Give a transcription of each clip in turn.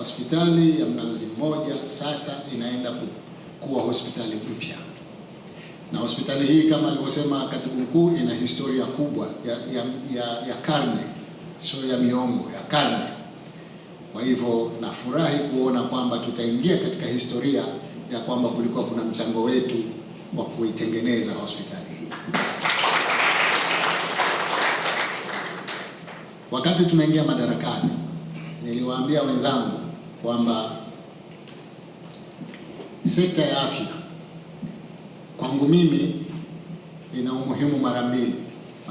hospitali ya Mnazi Mmoja sasa inaenda kuwa hospitali mpya, na hospitali hii kama alivyosema katibu mkuu ina historia kubwa ya, ya, ya, ya karne, sio ya miongo, ya karne. Kwa hivyo nafurahi kuona kwamba tutaingia katika historia ya kwamba kulikuwa kuna mchango wetu wa kuitengeneza hospitali hii. Wakati tunaingia madarakani, niliwaambia wenzangu kwamba sekta ya afya kwangu mimi ina umuhimu mara mbili.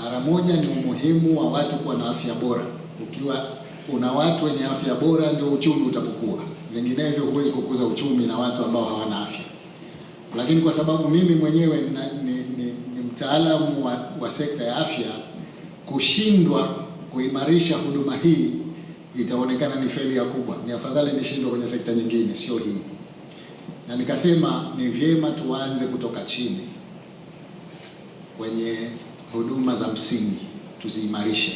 Mara moja ni umuhimu wa watu kuwa na afya bora. Ukiwa una watu wenye afya bora, ndio uchumi utapokuwa, vinginevyo huwezi kukuza uchumi na watu ambao hawana afya. Lakini kwa sababu mimi mwenyewe ni, ni, ni mtaalamu wa, wa sekta ya afya, kushindwa kuimarisha huduma hii itaonekana ni ya kubwa, ni afadhali nishindwe kwenye sekta nyingine, sio hii. Na nikasema ni vyema tuanze kutoka chini kwenye huduma za msingi tuziimarishe,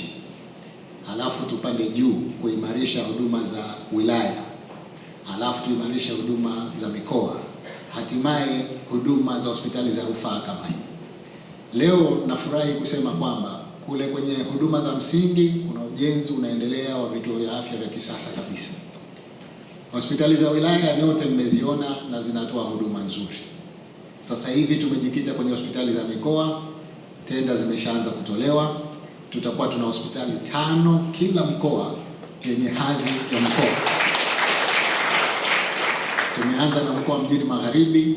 halafu tupande juu kuimarisha huduma za wilaya, halafu tuimarishe huduma za mikoa, hatimaye huduma za hospitali za rufaa kama hii. Leo nafurahi kusema kwamba kule kwenye huduma za msingi kuna ujenzi unaendelea wa vituo vya afya vya kisasa kabisa. Hospitali za wilaya nyote mmeziona na zinatoa huduma nzuri. Sasa hivi tumejikita kwenye hospitali za mikoa, tenda zimeshaanza kutolewa. Tutakuwa tuna hospitali tano kila mkoa yenye hadhi ya mkoa. Tumeanza na mkoa mjini Magharibi,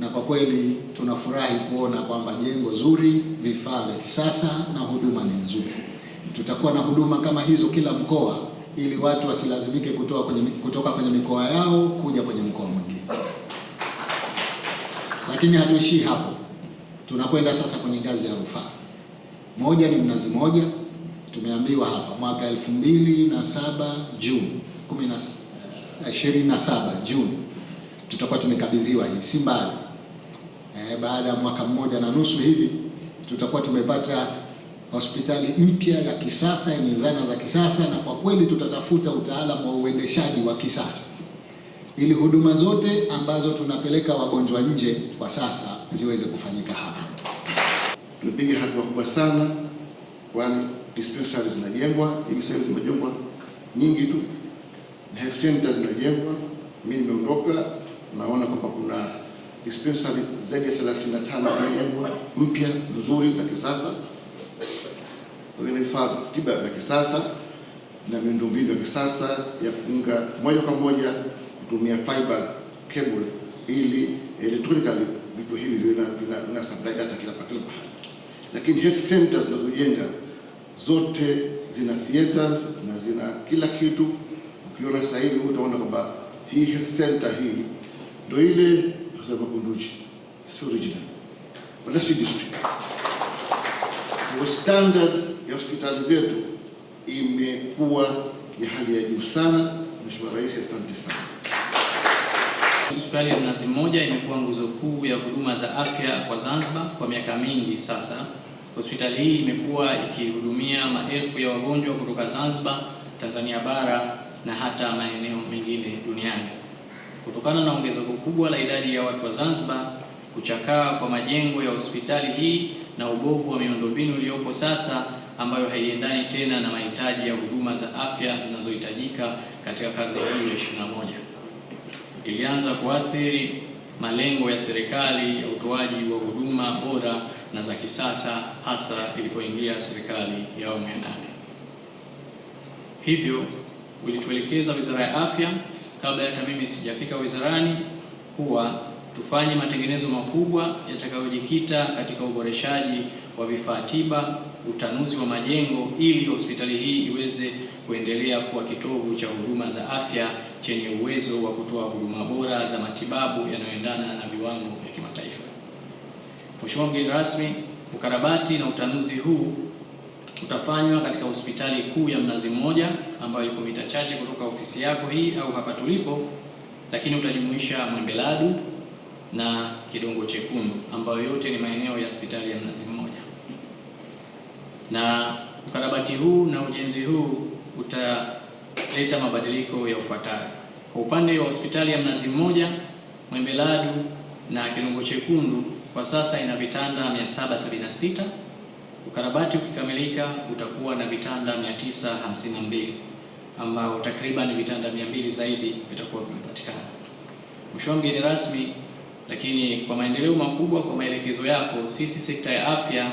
na kwa kweli tunafurahi kuona kwamba jengo zuri, vifaa vya kisasa na huduma ni Tutakuwa na huduma kama hizo kila mkoa, ili watu wasilazimike kutoka kwenye, kutoka kwenye mikoa yao kuja kwenye mkoa mwingine. Lakini hatuishii hapo, tunakwenda sasa kwenye ngazi ya rufaa. Moja ni Mnazi moja tumeambiwa hapa mwaka elfu mbili na saba Juni kumi na ishirini na saba Juni tutakuwa tumekabidhiwa hii, si mbali eh, baada ya mwaka mmoja na nusu hivi tutakuwa tumepata hospitali mpya ya kisasa yenye zana za kisasa, na kwa kweli tutatafuta utaalamu wa uendeshaji wa kisasa ili huduma zote ambazo tunapeleka wagonjwa nje kwa sasa ziweze kufanyika hapa. Tumepiga hatua kubwa sana, kwani dispensari zinajengwa hivi sasa, zimejengwa nyingi tu, health center zinajengwa. Mimi nimeondoka naona kwamba kuna dispensari zaidi ya 35 zimejengwa mpya nzuri za kisasa ina vifaa vya tiba vya kisasa na miundombinu ya kisasa ya kuunga moja kwa moja kutumia fiber cable ili electrically vitu hivi vina vina, supply data kila mahali. Lakini health centers tunazojenga zote zina theaters na zina kila kitu. Ukiona sasa hivi utaona kwamba hii health center hii ndio ile tunasema Kunduchi, sio original, wala si district standard ya hospitali zetu imekuwa ya hali ya juu sana. Mheshimiwa Rais, asante sana. Hospitali ya Mnazi Mmoja imekuwa nguzo kuu ya huduma za afya kwa Zanzibar kwa miaka mingi sasa. Hospitali hii imekuwa ikihudumia maelfu ya wagonjwa kutoka Zanzibar, Tanzania bara na hata maeneo mengine duniani. Kutokana na ongezeko kubwa la idadi ya watu wa Zanzibar, kuchakaa kwa majengo ya hospitali hii na ubovu wa miundombinu iliyopo sasa ambayo haiendani tena na mahitaji ya huduma za afya zinazohitajika katika karne hii ya 21. Ilianza kuathiri malengo ya serikali ya utoaji wa huduma bora na za kisasa hasa ilipoingia serikali ya awamu ya nane. Hivyo ulituelekeza Wizara ya Afya kabla hata mimi sijafika wizarani kuwa tufanye matengenezo makubwa yatakayojikita katika uboreshaji wa vifaa tiba, utanuzi wa majengo ili hospitali hii iweze kuendelea kuwa kitovu cha huduma za afya chenye uwezo wa kutoa huduma bora za matibabu yanayoendana na viwango vya kimataifa. Mheshimiwa mgeni rasmi, ukarabati na utanuzi huu utafanywa katika hospitali kuu ya Mnazi Mmoja ambayo iko mita chache kutoka ofisi yako hii au hapa tulipo, lakini utajumuisha Mwembeladu na Kidongo Chekundu ambayo yote ni maeneo ya hospitali ya Mnazi Mmoja, na ukarabati huu na ujenzi huu utaleta mabadiliko ya ufuatayo. Kwa upande wa hospitali ya Mnazi Mmoja, Mwembeladu na Kidongo Chekundu, kwa sasa ina vitanda 776. Ukarabati ukikamilika utakuwa na vitanda 952 ambao takriban vitanda 200 zaidi vitakuwa vimepatikana. Mheshimiwa mgeni rasmi lakini kwa maendeleo makubwa, kwa maelekezo yako, sisi sekta ya afya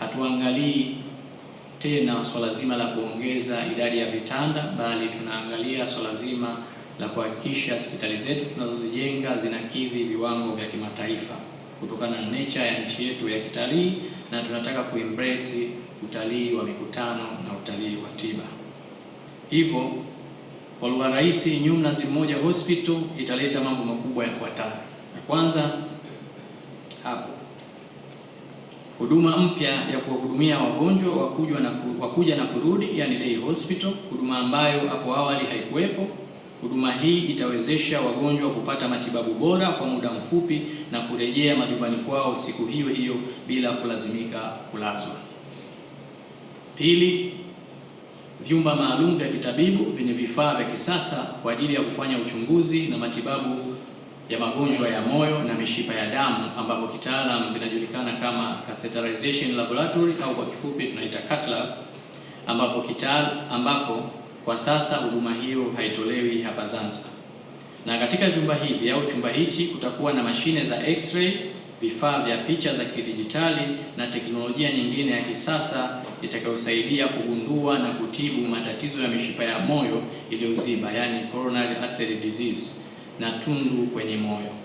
hatuangalii tena swala zima la kuongeza idadi ya vitanda, bali tunaangalia swala zima la kuhakikisha hospitali zetu tunazozijenga zinakidhi viwango vya kimataifa kutokana na nature ya nchi yetu ya kitalii, na tunataka kuembrace utalii wa mikutano na utalii wa tiba. Hivyo kwa lugha rahisi, Nyumnazi Mmoja Hospital italeta mambo makubwa yafuatayo. Kwanza hapo huduma mpya ya kuwahudumia wagonjwa wakuja na, wakuja na kurudi, yani day hospital, huduma ambayo hapo awali haikuwepo. Huduma hii itawezesha wagonjwa kupata matibabu bora kwa muda mfupi na kurejea majumbani kwao siku hiyo hiyo bila kulazimika kulazwa. Pili, vyumba maalum vya kitabibu vyenye vifaa vya kisasa kwa ajili ya kufanya uchunguzi na matibabu ya magonjwa ya moyo na mishipa ya damu ambapo kitaalamu vinajulikana kama catheterization laboratory au kwa kifupi tunaita cath lab, ambapo kita ambapo kwa sasa huduma hiyo haitolewi hapa Zanzibar. Na katika vyumba hivi au chumba hichi kutakuwa na mashine za x-ray, vifaa vya picha za kidijitali na teknolojia nyingine ya kisasa itakayosaidia kugundua na kutibu matatizo ya mishipa ya moyo iliyoziba, yani coronary artery disease na tundu kwenye moyo.